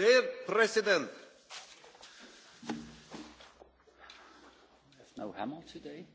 Dear President. There's no hammer today.